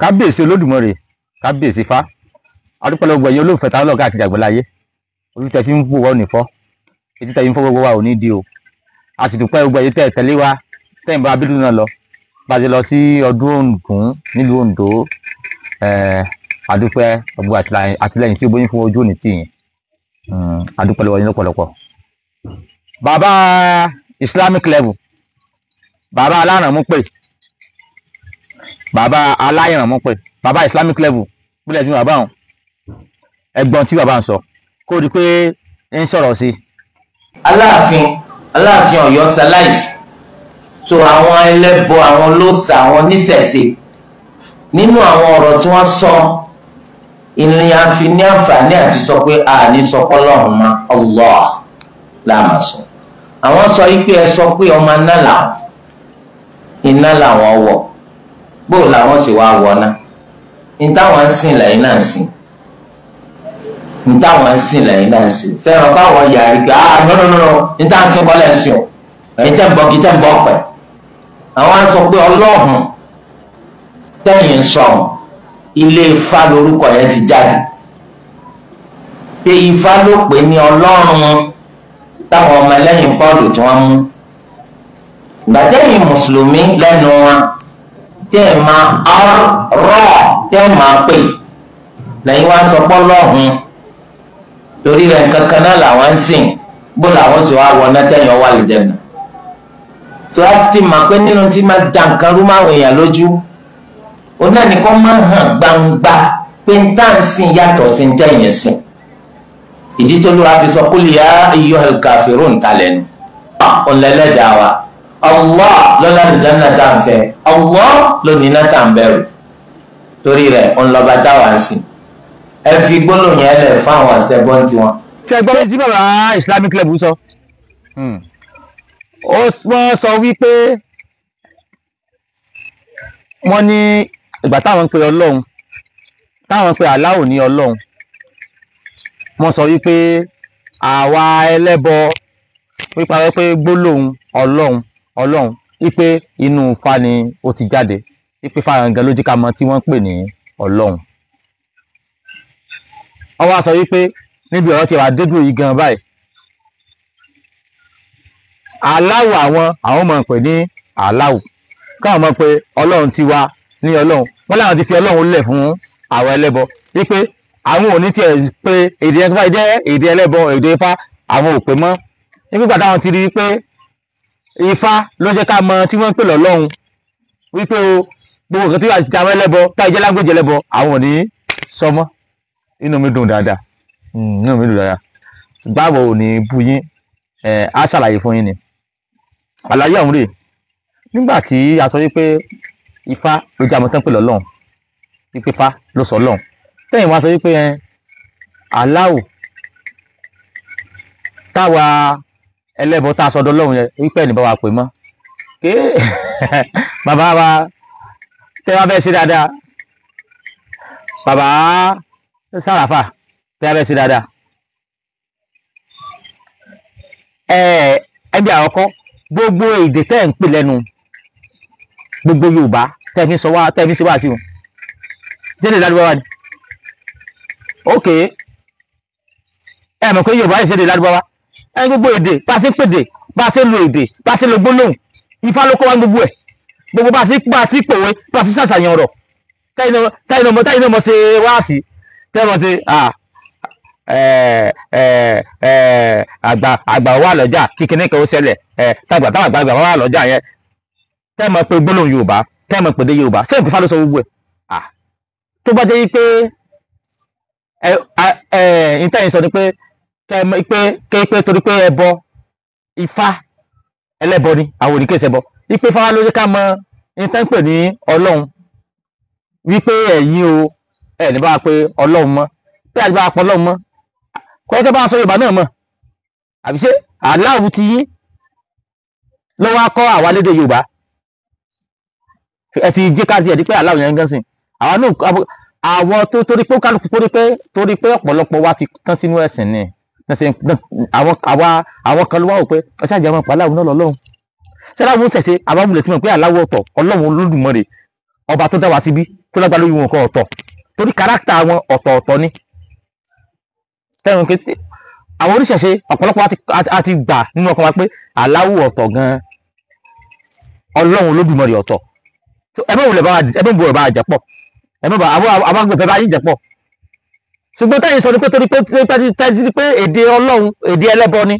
kábíyèsí olódùmarè kábíyèsí fá adúpẹ́lẹ́gbọ̀ ẹ̀yin olóòfẹ́ táwọn ọlọ́ọ̀ká àti àgbẹ̀láyé olùtẹ̀ fi ń wò wọ́n nìfọ́ etí tẹ̀ fi ń fọ́ gbogbo wa ò ní di o a sì dúpẹ́ gbogbo ẹ̀yin tẹ̀ tẹ̀lé wa tẹ̀ ń bá abídùn náà lọ bá a ti lọ sí ọdún òǹdùn nílùú Oǹdó adúpẹ́ gbogbo àtìlẹyìn tí ogbóyin fún ojú òní tì yín hmm, adúpẹ́ lọ́wọ́ yín lọ́pọ̀lọpọ̀ bàbá Islamic level bàbá alárànmú pè bàbá aláìrànmọ́ pẹ̀ bàbá islamic level pílẹ̀ tí bàbá àwọn ẹgbọ́n tí bàbá ń sọ kó rí i pé ń sọ̀rọ̀ sí i. aláàfin aláàfin Ọ̀yọ́ ṣaláìsì so àwọn ẹlẹ́bọ àwọn olóòṣà àwọn oníṣẹ̀ṣe nínú àwọn ọ̀rọ̀ tí wọ́n sọ ìrìn àfi ní àǹfààní àti sọ pé a ní sọ pọlọ́run mọ́ Allah láàmà sọ àwọn sọ yìí pé ẹ sọ pé ọmọ náà làwọn iná làwọn wọ̀ bóò làwọn sì wá wọná ntáwọn ń sìn lẹ́yìn náà sìn ntáwọn ń sìn lẹ́yìn náà sìn sẹ́wọ̀n káwọn yàrá gbà á nọ́nọ́nọ́ ntáwọn sìn bọ́lẹ̀ ń sìn o tẹ́ ń bọ́ kí tẹ́ ń bọ́ pẹ̀ àwọn sọ pé ọlọ́hun tẹ́yìn ilé ifá lórúkọ yẹn ti jáde pé ifá ló pè ní ọlọ́run táwọn ọmọ pọ́ọ̀lù tí wọ́n mú tẹ́ ẹ̀ máa rọ̀ tẹ́ ẹ̀ máa pè lẹ́yìn wá sọ pọ́ lọ́hùn torí rẹ̀ kankan náà làwọn ń sìn bó làwọn sì wá wọ náà tẹ́yìn ọwọ́ àlùjẹ̀nà tó a sì ti mọ̀ pé nínú tí máa da nǹkan rú máa wọ̀nyàn lójú òun náà ni kò máa hàn gbangba pé n tá à ń sìn yàtọ̀ sí ń tẹ̀yìn sìn ìdí tó ló fi sọ kúlìyà ayyuhal kafirun ń kalẹ̀ nù ọ̀nlẹ́lẹ́dàá wa. Allah lọ́la àlùjánnà tá à ń fẹ́ Allah lónìí náà tá à ń bẹ̀rù torí rẹ̀ ọ̀nlọ́ba táwa ń sìn ẹ fi gbólóhùn yẹn lẹ̀ fún àwọn àṣẹgbọ́n tiwọn. ṣe gbọ́ tí bàbá Islamic club hmm. sọ wọ́n sọ wípé wọ́n ní ìgbà táwọn ń pe Ọlọ́run táwọn ń pe aláwò ní Ọlọ́run wọ́n sọ wípé àwa ẹlẹ́bọ wípé àwọn pé gbólóhùn Ọlọ́run ọlọ́run wípé inú ifá ni ó ti jáde wípé fárangan ló jí ká mọ tí wọ́n ń pè ní ọlọ́run ọwọ́ sọ wípé níbi ọ̀rọ̀ tí wàá dédúró yìí gan báyìí aláwọ̀ àwọn àwọn máa ń pè ní aláwọ̀ káwọn mọ̀ pé ọlọ́run ti wá ní ọlọ́run wọ́n láwọn ti fi ọlọ́run lẹ̀ fún àwọn ẹlẹ́bọ wípé àwọn ò tiẹ̀ pé èdè ẹ̀ tó bá jẹ́ èdè ẹlẹ́bọ èdè ifá àwọn ò mọ́ nígbà táwọn ti rí i pé ifá ló jẹ́ ká mọ tí wọ́n ń pè lọ́lọ́run wípé o gbogbo nǹkan tí wàá ti àwọn ẹlẹ́bọ táyé jẹ́ lágbèjì ẹlẹ́bọ àwọn ò ní sọmọ inú mi dùn dáadáa hmm, inú mi dùn dáadáa báwo ò ní bu yín á ṣàlàyé fún yín ni àlàyé ọ̀hún rèé nígbà tí a sọ wípé ifá ló jẹ́ àwọn tó pè lọ́lọ́run wípé ifá ló sọ lọ́run tẹ́yìn wá sọ wípé aláwò táwa ẹlẹ́bọ tá a sọdọ lọ́hùn yẹn wípé ẹnì bá wa pè mọ́ ké bàbá wa tẹ́ wá fẹ́ ṣe dáadáa bàbá sàràfà tẹ́ wá fẹ́ ṣe dáadáa ẹ ẹbí àkọ́kọ́ gbogbo èdè tẹ́ ń pè lẹ́nu gbogbo Yorùbá tẹ́ fi sọ wá tẹ́ fi ṣe wá sí wọn ṣé lè dádúgbò wá ni ok ẹ mọ̀ pé Yorùbá yìí ṣe lè dádúgbò wá ẹni gbogbo èdè bá a ṣe pèdè bá a ṣe lo èdè bá a ṣe lo gbólóhùn ifá ló kọ́ wa gbogbo ẹ̀ gbogbo bá a ṣe pa àti pòwe bá a ṣe ṣàṣàyàn ọ̀rọ̀ táyìn ọmọ táyìn ọmọ ṣe wáàsí táyìn ọmọ ṣe àgbà àgbà wà lọ́jà kíkiní kan ó ṣẹlẹ̀ tàgbà táwọn àgbà àgbà wà lọ́jà yẹn tẹ́ mọ̀ pé gbólóhùn Yorùbá tẹ́ mọ̀ pèdè Yorùbá ṣé ìpínfà ló sọ gbogbo ẹ̀ tó bá jẹ́ yí pé ìtẹ́yìn sọ ni pé kẹmọ ipe kẹpẹ torí pé ẹbọ ifá ẹlẹ́bọ ni àwọn oníkèsè bọ ipe fáwọn ló jẹ́ ká mọ ìtẹ́ǹpẹ̀ ní ọlọ́run wípé ẹ̀yin o ẹ̀ ní bá a pé ọlọ́run mọ́ pé àti bá a pọ̀ ọlọ́run mọ́ kọ́kẹ́ bá a sọ yorùbá náà mọ̀ àbí ṣé aláwo ti yín lọ́wọ́ á kọ́ àwa lédè yorùbá ẹ ti jẹ́ ká tiẹ̀ di pé aláwo yẹn ń gán sìn àwa náà àwọn tó torí pé kálukú torí pé torí pé ọ̀pọ̀lọpọ̀ wa ti tán sínú ẹ̀sìn ni àwọn kan ló wá wò pé ọṣà jẹ́ wọn pa aláwo náà lọ́lọ́run sẹ́láwọ́n ṣẹ̀ṣẹ̀ àbámúlẹ̀ tí mo pé aláwọ̀ ọ̀tọ̀ ọlọ́run olódùmarè ọba tó dá wa síbí tó lágbá lórí wọn kan ọ̀tọ̀ torí káràkítà wọn ọ̀tọ̀ọ̀tọ̀ ni tẹ́wọ̀n kété àwọn oníṣẹ̀ṣe ọ̀pọ̀lọpọ̀ a ti gbà nínú ọkàn wa pé aláwọ̀ ọ̀tọ̀ gan-an ọlọ́run olódùmarè ọ̀tọ̀ ẹ ṣùgbọ́n táyì sọ ni pé torí pé táyì pé èdè ọlọ́run èdè ẹlẹ́bọ ni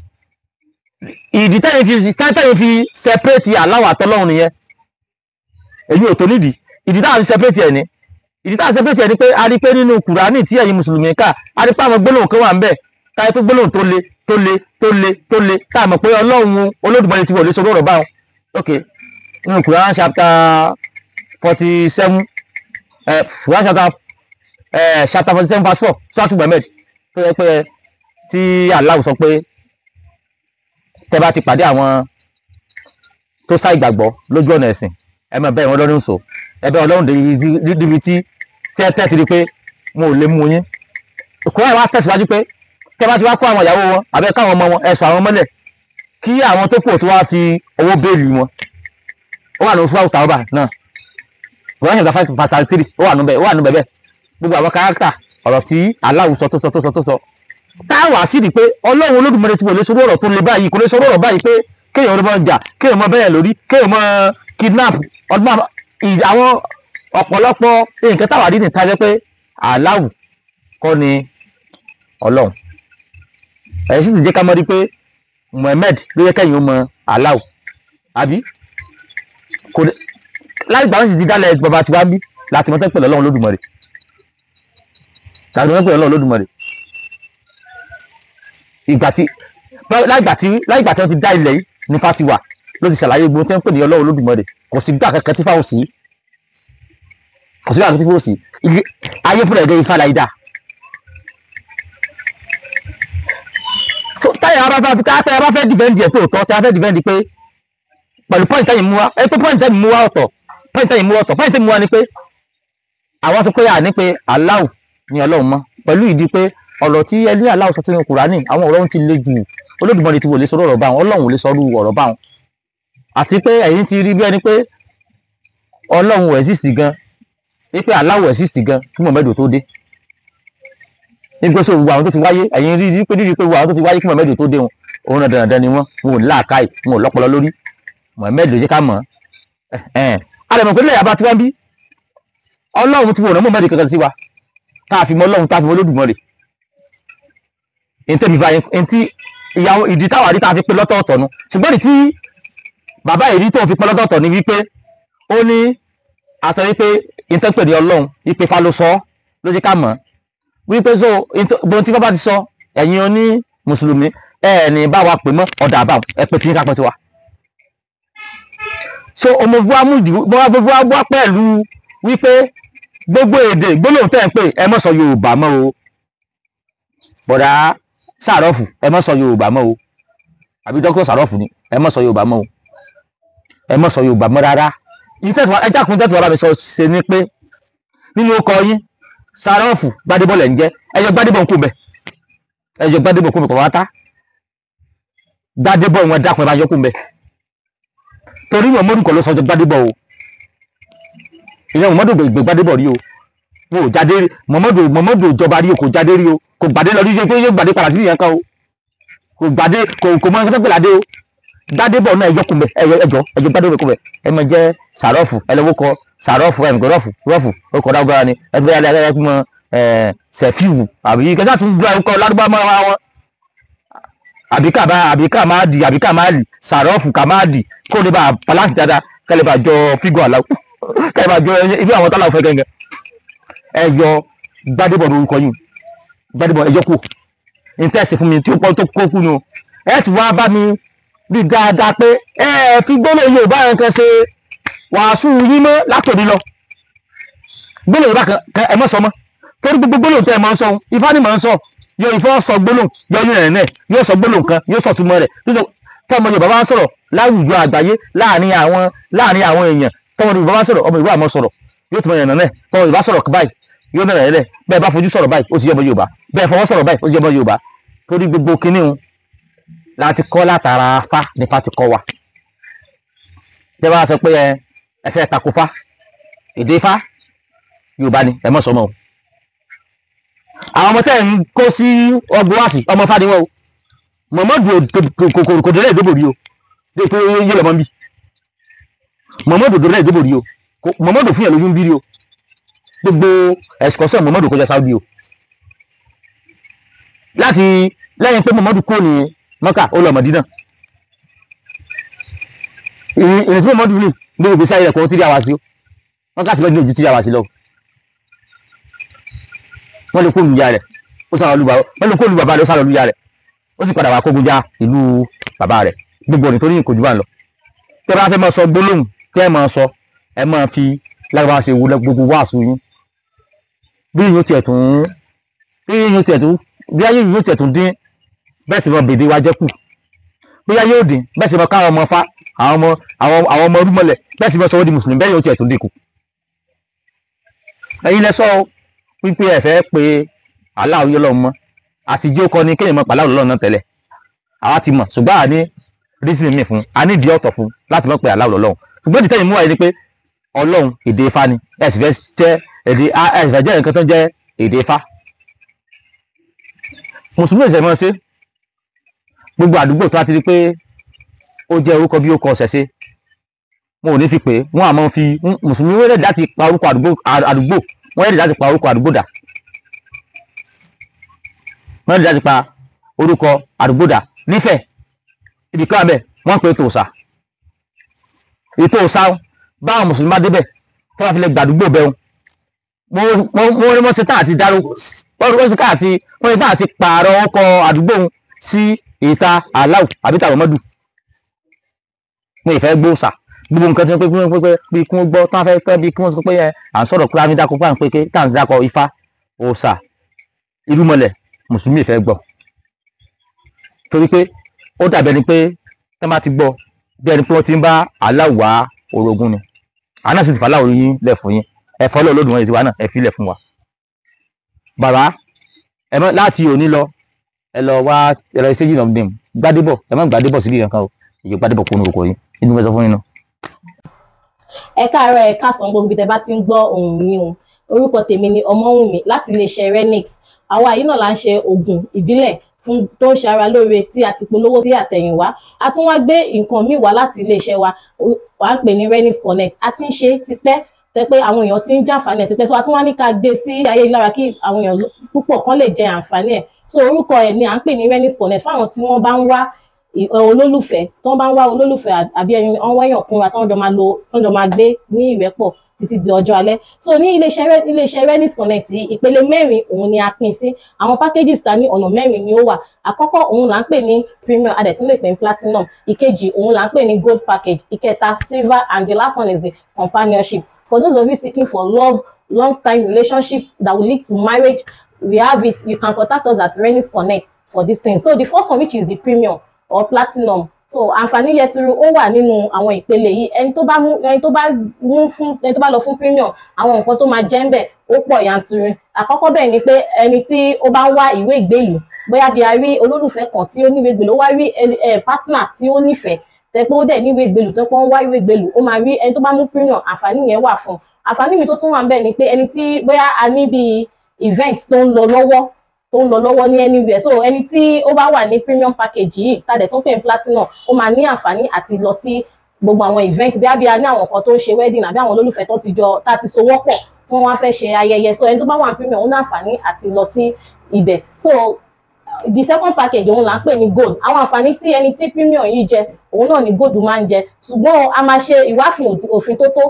ìdí táyì fi táyì fi separate aláwọ̀ àtọ́lọ́run nìyẹn èyí ò tó nídìí ìdí táyì fi separate ẹ̀ ni ìdí táyì separate ẹ̀ ni pé a rí pé nínú kùránì tí ẹ̀yin mùsùlùmí kà a rí pé àwọn gbólóhùn kan wà ń bẹ táyì pé gbólóhùn tó le tó le tó le tó le tá a mọ̀ pé ọlọ́run olódùmarè ti wọlé sọ lọ́rọ̀ báwọn ok nínú kùránì chapter forty seven eh, kùránì chapter chapter forty seven verse four sọ́ọ̀tù mohammed tó yẹ pé tí Allah sọ pé tẹ bá ti pàdé àwọn tó sá ìgbàgbọ́ lójú ọ̀nà ẹ̀sìn ẹ máa bẹ̀ wọ́n lọ́dún sọ ẹ bẹ̀ ọlọ́run débi tí tẹ́ tẹ́ ti di pé wọn ò lè mú yín kúrò àwọn tẹ̀síwájú pé tẹ́ bá ti wá kó àwọn ìyàwó wọn àbẹ́ káwọn ọmọ wọn ẹ sọ àwọn mọ́lẹ̀ kí àwọn tó kù tó wá fi owó béèlì wọn ó wà ní oṣù àwùtà ọba náà kúrò àwọn ìgbà fàtàlítírì ó wà nù bẹ́ẹ̀ ó wà nù bẹ́ẹ̀ bẹ́ẹ̀ gbogbo àwọn kárátà ọ̀rọ̀ tí aláwo sọ tó sọ tó sọ tó sọ táwa sì rí i pé ọlọ́run olódùmarè ti wò lè sọ ọ̀rọ̀ tó le báyìí kò lè sọ ọ̀rọ̀ báyìí pé kéèyàn ọdún bá ń jà kéèyàn mọ bẹ́ẹ̀ lórí kéèyàn mọ kidnap ọdún àwọn ọ̀pọ̀lọpọ̀ nǹkan táwa rí nìta jẹ́ pé aláwo kọ́ ni ọlọ́run ẹ̀yìn sì ti jẹ́ ká mọ́ rí pé Muhammad ló yẹ kẹ́yìn ó mọ aláwo àbí kò láì gbà wọ́n sì ti dálẹ̀ bàbá tiwa ń bí láti mọ́tẹ́ pẹ̀lú ọlọ́run olódùmarè tàbí wọ́n pè ọlọ́run lódùmarè ìgbà tí láìgbà tí láìgbà tí wọ́n ti dá ilẹ̀ yìí nípa ti wà ló ti ṣàlàyé gbogbo tí wọ́n pè ní ọlọ́run lódùmarè kò sí gbà kankan tí fáwọn sí kò sí gbà kankan tí fáwọn sí ayé fúnra ẹ̀gẹ́ ifá la yìí dá. táyà ara fẹ́ táyà ara fẹ́ dìbẹ́ndì ẹ̀ tó tọ́ táyà fẹ́ dìbẹ́ndì pé pẹ̀lú pọ́ìntì tẹ́yìn mú wa ẹ pé pọ́ìntì tẹ́yìn mú wa ọ̀tọ̀ pọ́ìntì tẹ́yìn mú wa ọ̀tọ̀ pọ́ìntì tẹ́yìn mú wa ni pé àwọn sọ pé à ní pé aláwù ní ọlọ́run mọ́ pẹ̀lú ìdí pé ọ̀rọ̀ tí ẹlẹ́yà aláwọ̀ sọ sínú kùránì àwọn ọ̀rọ̀ ń ti le jù Olódùmarè ti wò lè sọ ọ̀rọ̀ báwọn ọlọ́run ò lè sọ ọ̀rọ̀ báwọn àti pé ẹ̀yin ti rí bí ẹni pé ọlọ́run ò exist gan wípé aláwọ̀ exist gan kí Muhammad tó dé nígbà tó gbogbo àwọn tó ti wáyé ẹ̀yin rí rí pé rírí pé gbogbo àwọn tó ti wáyé kí Muhammad tó dé wọn òun náà dandan ni wọn wọn ò ní làákàyè wọn ò lọ́pọlọ lórí Muhammad ló jẹ́ ká mọ̀ ẹ̀ ẹ̀ àdàmọ̀ pé lẹ́yà bá ti wá ń bí ọlọ́run ti wò ná Muhammad kankan sí wa tá a fi mọ Ọlọ́run tá a fi mọ Olódùmarè ntẹ́bi báyìí ntí ìyàwó ìdí táwa rí tá a fi pé lọ́tọ̀ọ̀tọ̀ nu ṣùgbọ́n ní tí bàbá ìrí tó fi pé lọ́tọ̀ọ̀tọ̀ ni wípé ó ní àṣọ wípé ntẹ́pẹ̀lú Ọlọ́run wípé fa ló sọ ló jẹ́ ká mọ̀ wípé so gbọ́n tí bàbá ti sọ ẹ̀yin oní mùsùlùmí ẹ̀ ní bá wa pè mọ́ ọ̀dà àbá ẹ pé tí ká pẹ́ tiwa so ọmọ buwa mú ìdìbò buwa buwa pẹ̀lú wípé gbogbo èdè gbólóhùn tẹ́ ń pè ẹ mọ́ sọ yorùbá mọ́ o bọ̀dá sàrọ́fù ẹ mọ́ sọ yorùbá mọ́ o àbí dókítà sàrọ́fù ni ẹ mọ́ sọ yorùbá mọ́ o ẹ mọ́ sọ yorùbá mọ́ rárá ẹ dákun tẹ́tù bàbá mi sọ ṣe ni pé nínú ọkọ yín sàrọ́fù gbadébọ̀ lẹ̀ ń jẹ́ ẹyọ gbadébọ̀ ń kú bẹ̀ ẹyọ gbadébọ̀ kú bẹ̀ kọ̀ wá tá gbadébọ̀ wọn dákun ẹ bá yọkùn bẹ̀ torí wọn mọ́rùkọ ló sọ gbadébọ̀ o ìyẹn mọ̀mọ́dù gbẹ̀gbẹ̀gbàdébọ̀ rí o mo ò jáde mọ̀mọ́dù mọ̀mọ́dù ìjọba rí o kò jáde rí o kò gbàdé lọ rí i pé yóò gbàdé padà sí ìyẹn kan o kò gbàdé kò kò mọ ẹgbẹ́ pẹ̀lú adé o gbàdébọ̀ náà ẹjọ́ kùnbẹ ẹjọ́ ẹjọ́ gbàdébọ̀ kùnbẹ ẹ mọ jẹ́ sàrọ́ọ̀fù ẹlẹ́wọ́kọ sàrọ́ọ̀fù ẹnìkan rọ́ọ̀fù rọ́ọ̀fù ọkọ̀ dágbára ni ẹgbẹ́ alẹ́ ẹgbẹ́ mọ sẹ̀fíwù àbí kẹta tún gbọ́ ẹ̀kọ́ ládùúgbò mọ́ra wọn àbíká bá àbíká máa dì àbíká máa lì sàrọ́ọ̀fù kà máa dì kó lè bá balance dáadáa kẹ́lẹ́ bá jọ fígọ̀ àláwọ̀ kẹfà jọ irú àwọn tálà fẹ́ gẹ́gẹ́ ẹ yọ Gbádébọ̀ lórúkọ yìí Gbádébọ̀ ẹ yọ kù ní tẹ́sí fún mi tí ó pọ̀ tó kó kú ni o ẹ ti wá bá mi rí dáadáa pé ẹ fi gbólóhùn Yorùbá yẹn kan ṣe wàásù yín mọ́ látòdì lọ gbólóhùn Yorùbá kan ẹ mọ́ sọ mọ́ torí gbogbo gbólóhùn tẹ́ ẹ máa ń sọ ifá ni máa ń sọ yóò ìfọ́ sọ gbólóhùn yọ yún ẹ̀ náà yóò sọ gbólóhùn kan yóò sọ túmọ̀ rẹ̀ tọ́mọ Yorùbá bá ń sọ̀rọ̀ láwùjọ àgbáyé láàrin àwọn láàrin àwọn èèyàn tọmọ Yorùbá bá sọ̀rọ̀ ọmọ Yorùbá àmọ́ sọ̀rọ̀ yóò tún yànnà náà tọmọ Yorùbá sọ̀rọ̀ báyìí yóò nàrà ẹlẹ bẹ́ẹ̀ bá fojú sọ̀rọ̀ báyìí ó ti yẹ ọmọ Yorùbá bẹ́ẹ̀ fọwọ́ sọ̀rọ̀ báyìí ó ti yẹ ọmọ Yorùbá torí gbogbo kinní un láti kọ́ látara fa ní fa ti kọ́ wa tẹ bá sọ pé ẹ ẹ fẹ́ takò fa èdè fa Yorùbá ni ẹ mọ̀ sọmọ o àwọn ọmọ tẹ́ ń kó sí ọgbọ́n wá sí ọmọ fádiwọ́ o mọ̀mọ́dù kòkòrò kòdìrẹ́ ìdóbòrí o dé pé yé lọ́mọ bíi Muhammadu dòdò lẹ́yìn dòbò rí o Muhammadu fún yàn lóyún bí rí o gbogbo excursion Muhammadu kọjá Saudi o láti lẹ́yìn pé Muhammadu kò ní Mọ́kà ó lọ Mọ̀dínà ìrìn tí Muhammadu ní gbogbo ìgbésí ayé rẹ̀ kọ́ tírí àwa sí o Mọ́kà sí Mọ́dínà ojú tírí àwa sí lọ wọ́n lè kó olùyà rẹ̀ ó sá olùbàbà wọ́n lè kó olùbàbà olùyà rẹ̀ ó sì padà wà kógun já ìlú bàbá rẹ̀ gbogbo ọ̀nì tó ní ìkòjú bá ń lọ tẹ́ fẹ́ máa sọ gbólóhùn tẹ́ ẹ máa sọ ẹ máa fi lágbára ṣe wo gbogbo wàásù yín bí yìnyín tiẹ̀ tún bí yìnyín tiẹ̀ tún bí ayé yìnyín tiẹ̀ tún dín bẹ́ẹ̀ sì mọ bèdè wa jẹ́ kù bí ayé yóò dín bẹ́ẹ̀ sì mọ káwọn ọmọ fa àwọn ọmọ àwọn àwọn ọmọ rúmọlẹ̀ bẹ́ẹ̀ sì mọ sọ wọ́n di mùsùlùmí bẹ́ẹ̀ yóò tiẹ̀ tún dín kù. ẹ̀yin lẹ sọ wípé ẹ fẹ́ pe aláwo yọlọ mọ àsìjí ó kọ ni kéèyàn mọ pàláwò lọ́nà náà tẹ́lẹ̀ àwa ti mọ̀ ṣùgbọ́n àní reason mi fún àní ìdí ọ̀tọ̀ fún láti mọ̀ pé aláwo lọ́lọ́run ṣùgbọ́n ìdí tẹ́yìn mú wáyé ni pé ọlọ́run èdè ifá ni ẹ sì fẹ́ jẹ́ èdè ẹ sì fẹ́ jẹ́ nǹkan tó ń jẹ́ èdè ifá mùsùlùmí ìṣẹ̀mọ́ ṣe gbogbo àdúgbò tó a ti rí pé ó jẹ́ orúkọ bí ó kọ ọ̀sẹ̀ ṣe wọn ò ní fi pé wọn àmọ́ fi mùsùlùmí wẹ́rẹ̀ láti pa orúkọ àdúgbò wọ́n rẹ̀ láti pa orúkọ àdúgbò dà wọ́n rẹ̀ láti pa orúkọ àdúgbò dà nífẹ̀ẹ́ ibìkan abẹ wọ́n pè é tòòsà ètò ìsáwọn báwọn mùsùlùmí bá débẹ̀ tó bá fi lè gbàdúgbò bẹ́ẹ̀ mo rí mọ́sẹ̀ tá àti dáró mọ́sẹ̀ tá àti mọ́sẹ̀ tá àti pààrọ̀ ọkọ̀ àdúgbò sí ìta aláwù àbí tàwọn mọ́dù mo ì fẹ́ gbóòsà gbogbo nǹkan tí wọ́n pé kí wọ́n pé bí kí wọ́n gbọ́ tí wọ́n fẹ́ pẹ́ bí kí wọ́n sọ pé yẹn à ń sọ̀rọ̀ kúrá mi dákọ̀ fáwọn pé tá à ń dákọ̀ ifá òòsà irúmọlẹ̀ mùsùlùmí ìfẹ́ gbọ́ torí pé ó dàbẹ̀ ni pé tẹ́ bá ti gbọ́ bí ẹni pé wọ́n ti ń bá aláwa orogún ni àná sì ti fà aláwo yín lẹ̀ fún yín ẹ fọ́ lọ́ọ́ lódùmọ̀ ìtiwa náà ẹ fi lẹ̀ fún wa. bàbá ẹ mọ láti òní lọ ẹ lọ wá ẹ lọ ṣéjì náà dìm gbadébọ̀ ẹ má gbadébọ̀ síbi kankan o ìjọ gbadébọ̀ kó nu òkò yín inú mẹ́sàn fún yín náà. ẹ káàárọ̀ ẹ káàsán gbogbo ibi tẹ bá ti ń gbọ́ ohùn mi o orúkọ tèmi ni Ọmọ́wùnmí láti iléeṣẹ́ Renix àwa yìí náà là ń ṣe oògùn ìbílẹ̀ fún tó ń ṣe ara lóore tí a ti polówó sí àtẹ̀yìnwá a tún wá gbé nǹkan míì wá láti iléeṣẹ́ wa wà á pè ní renis connect a ti ń ṣe tipẹ́ tẹpẹ àwọn èèyàn ti ń jàǹfààní ẹ̀ tipẹ́ so a tún wá ní ká gbé sí ayélujára kí àwọn èèyàn púpọ̀ kan lè jẹ àǹfààní ẹ̀ so orúkọ ẹ̀ ni à ń pè ní renis connect fáwọn tí wọ́n bá ń wá olólùfẹ́ tó ń bá ń wá olólùfẹ́ àbí ẹyin ọ̀wẹ́yàn kúnra tó ń jọ máa gbé ní ìrẹ́pọ̀ títí di ọjọ́ alẹ́ so ní iléeṣẹ́ iléeṣẹ́ Wellness Connect ìpele mẹ́rin òun ni a pín sí àwọn packages ta ní ọ̀nà mẹ́rin ni ó wà àkọ́kọ́ òun là ń pè ní premium adẹ̀ tún platinum ìkejì òun là ń pè ní gold package ìkẹta silver and the last one is the companionship for those of you seeking for love long time relationship that will lead to marriage we have it you can contact us at Wellness Connect for this thing so the first one which is the premium or platinum so àǹfààní yẹtìrú ó wà nínú àwọn ìpele yìí ẹni tó bá mú ẹni tó bá mú fún ẹni tó bá lọ fún premium àwọn nǹkan tó máa jẹ́ ń bẹ̀ ó pọ̀ yanturu àkọ́kọ́ bẹ́ẹ̀ ni pé ẹni tí ó bá ń wá ìwé ìgbélú bóyá bí a rí olólùfẹ́ kan tí ó níwèé gbèlú ó wá rí pátínà tí ó nífẹ̀ẹ́ tẹ pé ó dẹ̀ níwèé gbèlú tó pọ́n wá ìwé gbèlú ó máa rí ẹni tó bá mú premium àǹfààní yẹn wà fún àǹfààní mi tó tún wà ń bẹ̀ ni pé ẹni tí bóyá a ní bíi event tó ń lọ lọ́wọ́ tó ń lọ lọ́wọ́ ní anywhere so ẹni tí ó bá wà ní premium package yìí tàdẹ̀ tó ń pè ní platinum ó máa ní àǹfààní àti lọ sí gbogbo àwọn event bí abia ní àwọn kan tó ń ṣe wedding àbí àwọn olólùfẹ́ tó ti jọ tá a ti so wọ́n pọ̀ tí wọ́n wá fẹ́ ṣe ayẹyẹ so ẹni tó bá wà ní premium ó ní àǹfààní àti lọ sí ibẹ̀ so the second package òun là ń pè ní gold àwọn àǹfààní tí ẹni tí premium yìí jẹ òun náà ni gold máa ń jẹ ṣùgbọ́n a máa ṣe ìwáfin òfin tó tó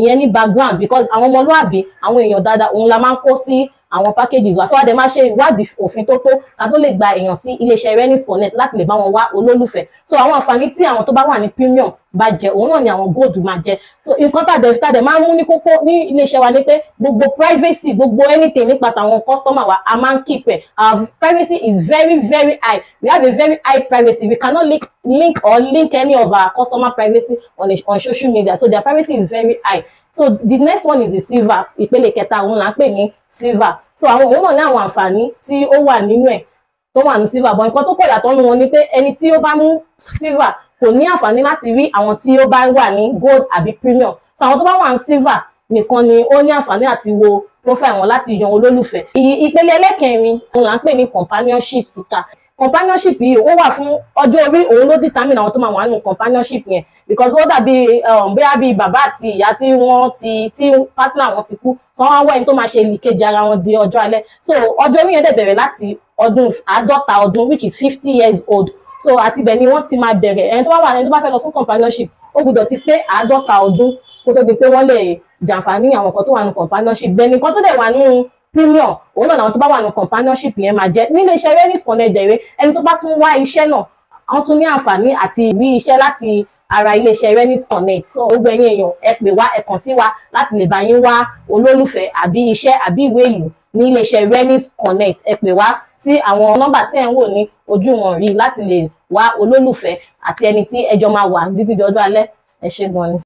ìyẹn ní background because àwọn ọmọlúàbí àwọn èèyàn dáadáa òun la máa ń kó sí àwọn packages wa so a dẹ̀ máa ṣe ìwádìí òfin tó tó ká tó lè gba èèyàn sí iléeṣẹ́ renis connect láti lè bá wọn wá olólùfẹ́ so àwọn àǹfààní tí àwọn tó bá wà ní premium bá jẹ òun náà ni àwọn gold máa jẹ so nǹkan tàdé tàdé máa ń mú ní kókó ní iléeṣẹ́ wa ni pé gbogbo privacy gbogbo anything nípa tàwọn customer wa a máa ń keep ẹ̀ our privacy is very very high we have a very high privacy we cannot link link or link any of our customer privacy on, a, on social media so their privacy is very high so the next one is the silver ìpele kẹta òun là ń pè ní silver so àwọn òun náà ní àwọn àǹfààní tí ó wà nínú ẹ̀ tó wà ní silver but nǹkan tó pọ̀ yàtọ̀ nínú wọn ni pé ẹni tí ó bá mú silver kò ní àǹfààní láti rí àwọn tí ó bá wà ní gold àbí premium so àwọn tó bá wà ní silver nìkan ni ó ní àǹfààní àti wo profile wọn láti yan olólùfẹ́ ìpele ẹlẹ́kẹrin òun là ń pè ní companionship sika companionship yìí ó wà fún ọjọ́ orí òun ló determine àwọn tó máa wà nínú companionship yẹn because ó dàbí um, bóyá bíi bàbá àti ìyá tí wọ́n ti tí pásínà wọn ti kú tí wọ́n wá wẹ́yìn tó máa ṣe ìlìkejì ara wọn di ọjọ́ alẹ́ so ọjọ́ orí yẹn dẹ̀ bẹ̀rẹ̀ láti ọdún àádọ́ta ọdún which is fifty years old so àti ibẹ̀ ni wọ́n ti máa bẹ̀rẹ̀ ẹni tó bá wà ẹni tó bá fẹ́ lọ fún companionship ó gbọ́dọ̀ ti pé àádọ́ta ọdún kó tó di pé wọ́n lè jàǹfààní àwọn nǹkan tó wà nù companionship bẹ́ẹ̀ nìkan tó dẹ̀ wà nù premium òun náà làwọn tó bá wà nù companionship yẹn máa jẹ́ nílé iṣẹ́ renis kan ẹ̀dẹ̀rẹ́ ẹni tó bá tún wá iṣẹ́ náà wọ́n tún ní àǹfààní àti ìwé iṣẹ́ láti ara iléeṣẹ́ Renis Connect gbogbo ẹ̀yin èèyàn ẹ pè wá ẹ kàn sí wa láti lè bá yín wá olólùfẹ́ àbí iṣẹ́ àbí ìwé ìlú ní iléeṣẹ́ Renis Connect ẹ pè wá sí àwọn nọ́mbà tẹ́ ń wò ní ojú wọn rí láti lè wá olólùfẹ́ àti ẹni tí ẹjọ́ máa wà títí dọjọ́ alẹ́ ẹ ṣé gan ni.